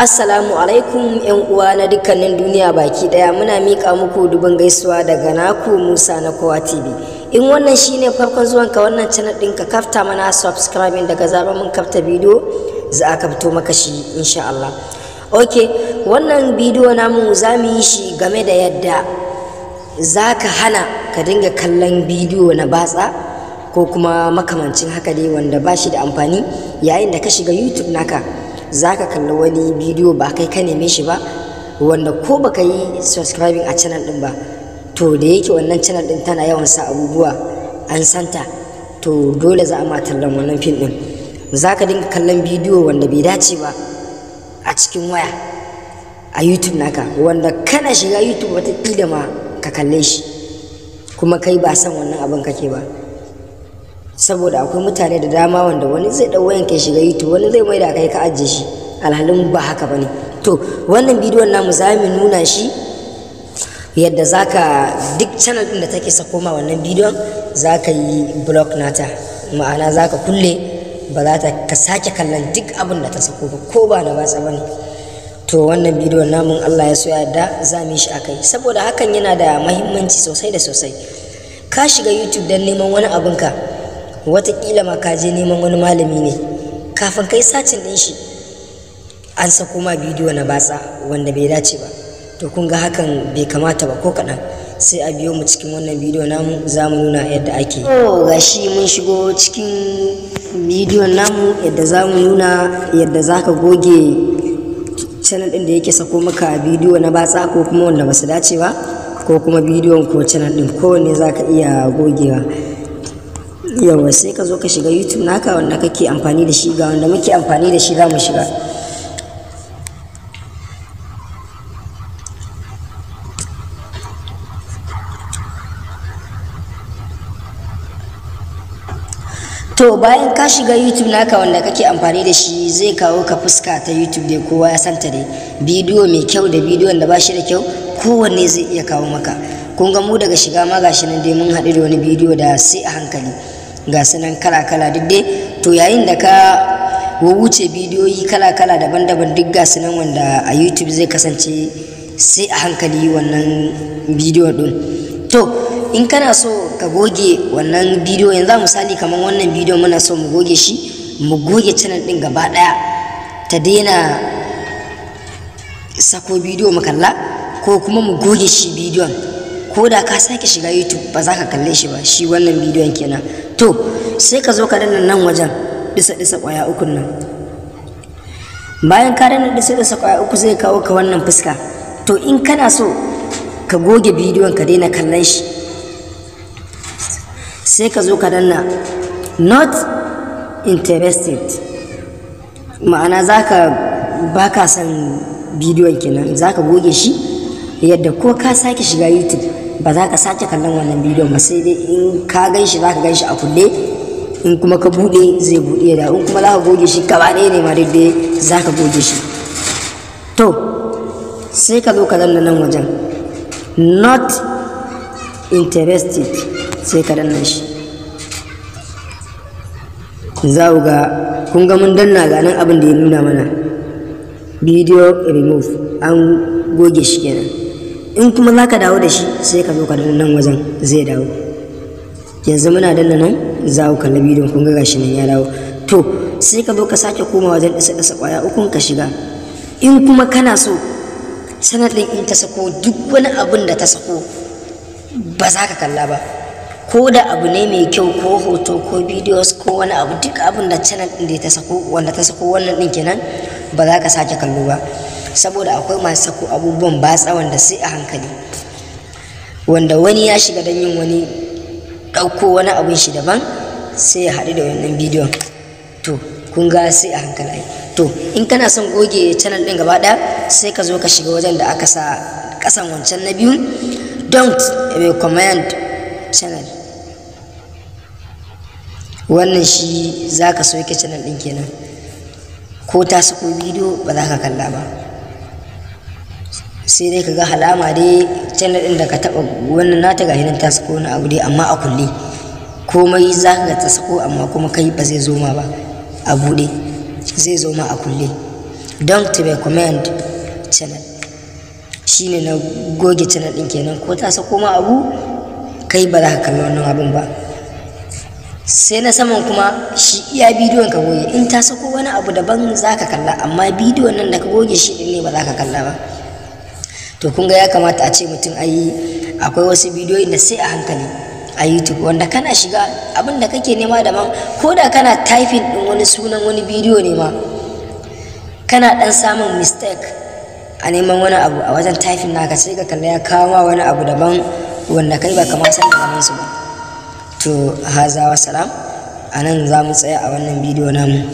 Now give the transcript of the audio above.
Assalamu alaikum ‘yan uwa na dukkanin duniya baki ɗaya muna mika muku dubin gaisuwa daga naku Musa na Kowa TV. In wannan shine farkon zuwan ka wannan channel ɗin ka kafta mana subscribing daga zaba mun kafta bidiyo za a fito maka shi insha Allah. Ok, wannan bidiyo namu za mu yi shi game da yadda zaka hana ka dinga kallon bidiyo na batsa ko kuma makamancin haka dai wanda bashi da amfani yayin da ka shiga YouTube naka. zaka kalli wani bidiyo ba kai ka neme shi ba wanda ko baka yi subscribing a channel ɗin ba to da yake wannan channel ɗin tana yawan sa abubuwa an santa to dole za a ma tallan wannan fim ɗin za ka dinga kallon bidiyo wanda bai dace ba a cikin waya a youtube naka wanda kana shiga youtube wata ma ka kalle shi kuma kai ba san wannan abin kake ba saboda akwai mutane da dama wanda wani zai dau wayan kai shiga youtube wani zai mai da kai ka ajiye shi alhalin ba haka bane to wannan bidiyon namu za mu nuna shi yadda zaka duk channel din da take sako ma wannan bidiyon zaka yi block nata ma'ana zaka kulle ba za ta ka sake kallon duk abin da ta sako ba ko ba da batsa bane to wannan bidiyon namu Allah ya so yadda za mu yi shi akai saboda hakan yana da muhimmanci sosai da sosai ka shiga youtube dan neman wani abinka ka watakila ma ka je neman wani malami ne kafin kai sacin din shi an sako ma bidiyo na batsa wanda bai dace ba to kun ga hakan bai kamata ba ko kaɗan sai a biyo mu cikin wannan bidiyo namu za mu nuna yadda ake to gashi mun shigo cikin bidiyo namu yadda za mu nuna yadda za ka goge channel ɗin da yake sako maka bidiyo na batsa ko kuma wanda ba su dace ba ko kuma bidiyon ko channel ɗin kowanne za ka iya gogewa yawa sai ka zo ka shiga youtube naka wanda kake amfani da shi ga wanda muke amfani da shi za mu shiga to bayan ka shiga youtube naka wanda kake amfani da shi zai kawo ka fuska ta youtube dai kowa ya santa dai bidiyo mai kyau da bidiyon da ba shi da kyau kowanne zai iya kawo maka kun ga mu daga shiga ma gashi nan dai mun haɗu da wani bidiyo da sai a hankali ga sunan kala-kala duk dai to yayin da ka wuce bidiyoyi kala-kala daban-daban duk ga sunan wanda a youtube zai kasance sai a hankali wannan bidiyo din to in kana so ka goge wannan bidiyo yanzu misali kamar wannan bidiyo muna so mu goge shi mu goge channel din gaba daya ta daina sako bidiyo mu kalla ko kuma mu goge shi bidiyon ko da ka sake shiga youtube ba za ka kalle shi ba shi wannan bidiyon kenan to sai ka zo ka danna nan wajen disa disa kwaya uku nan bayan ka danna disa disa kwaya uku zai kawo ka wannan fuska to in kana so ka goge bidiyon ka daina kallon shi sai ka zo ka danna not interested ma'ana za ka ba ka son bidiyon kenan za ka goge shi yadda ko ka sake shiga youtube ba za ka sace kallon wannan bidiyon ba sai dai in ka gan shi za ka gan shi a kulle in kuma ka buɗe zai buɗe da in kuma za ka goge shi gaba ɗaya ne ma daidai za ka goge shi to sai ka zo ka danna nan wajen not interested sai ka danna shi za ku ga kun ga mun danna ga nan abin da ya nuna mana bidiyo remove an goge shi kenan in kuma za ka dawo da shi sai ka zo ka danna nan wajen zai dawo yanzu muna danna nan za ku kalli bidiyon kun ga gashi nan ya dawo to sai ka zo ka sake komawa wajen isa isa kwaya ukun ka shiga in kuma kana so sanadin in ta sako duk wani abin da ta sako ba za ka kalla ba ko da abu ne mai kyau ko hoto ko videos ko wani abu duk abin da channel din da ta sako wanda ta sako wannan din kenan ba za ka sake kallo ba saboda akwai masu sako abubuwan batsa wanda sai a hankali wanda wani ya shiga don yin wani ɗauko wani abin shi daban sai ya haɗu da wannan bidiyon to kun ga sai a hankali to in kana son goge channel ɗin gaba ɗaya sai ka zo ka shiga wajen da aka sa ƙasan wancan na biyu don't recommend channel wannan shi za ka soke channel ɗin kenan ko ta sako bidiyo ba za ka kalla ba sai dai ka ga halama dai channel ɗin da ka taɓa wannan nata ga hinan ta sako na abu dai amma a kulle komai za ka ta sako amma kuma kai ba zai zo ma ba a buɗe zai zo ma a kulle don to recommend channel shine na goge channel ɗin kenan ko ta sako ma abu kai ba za ka kalli wannan abun ba sai na saman kuma shi iya bidiyon ka goge in ta sako wani abu daban za ka kalla amma bidiyon nan da ka goge shi ɗin ne ba za ka kalla ba to kun ga ya kamata a ce mutum a yi akwai wasu bidiyoyi da sai a hankali a youtube wanda kana shiga abin da kake nema da ma ko da kana typing ɗin wani sunan wani bidiyo ne ma kana ɗan samun mistake a neman wani abu a wajen typing naka sai ka kalla ya kawo ma wani abu daban wanda kai ba kamar san da su ba to haza wasalam a nan za mu tsaya a wannan bidiyo namu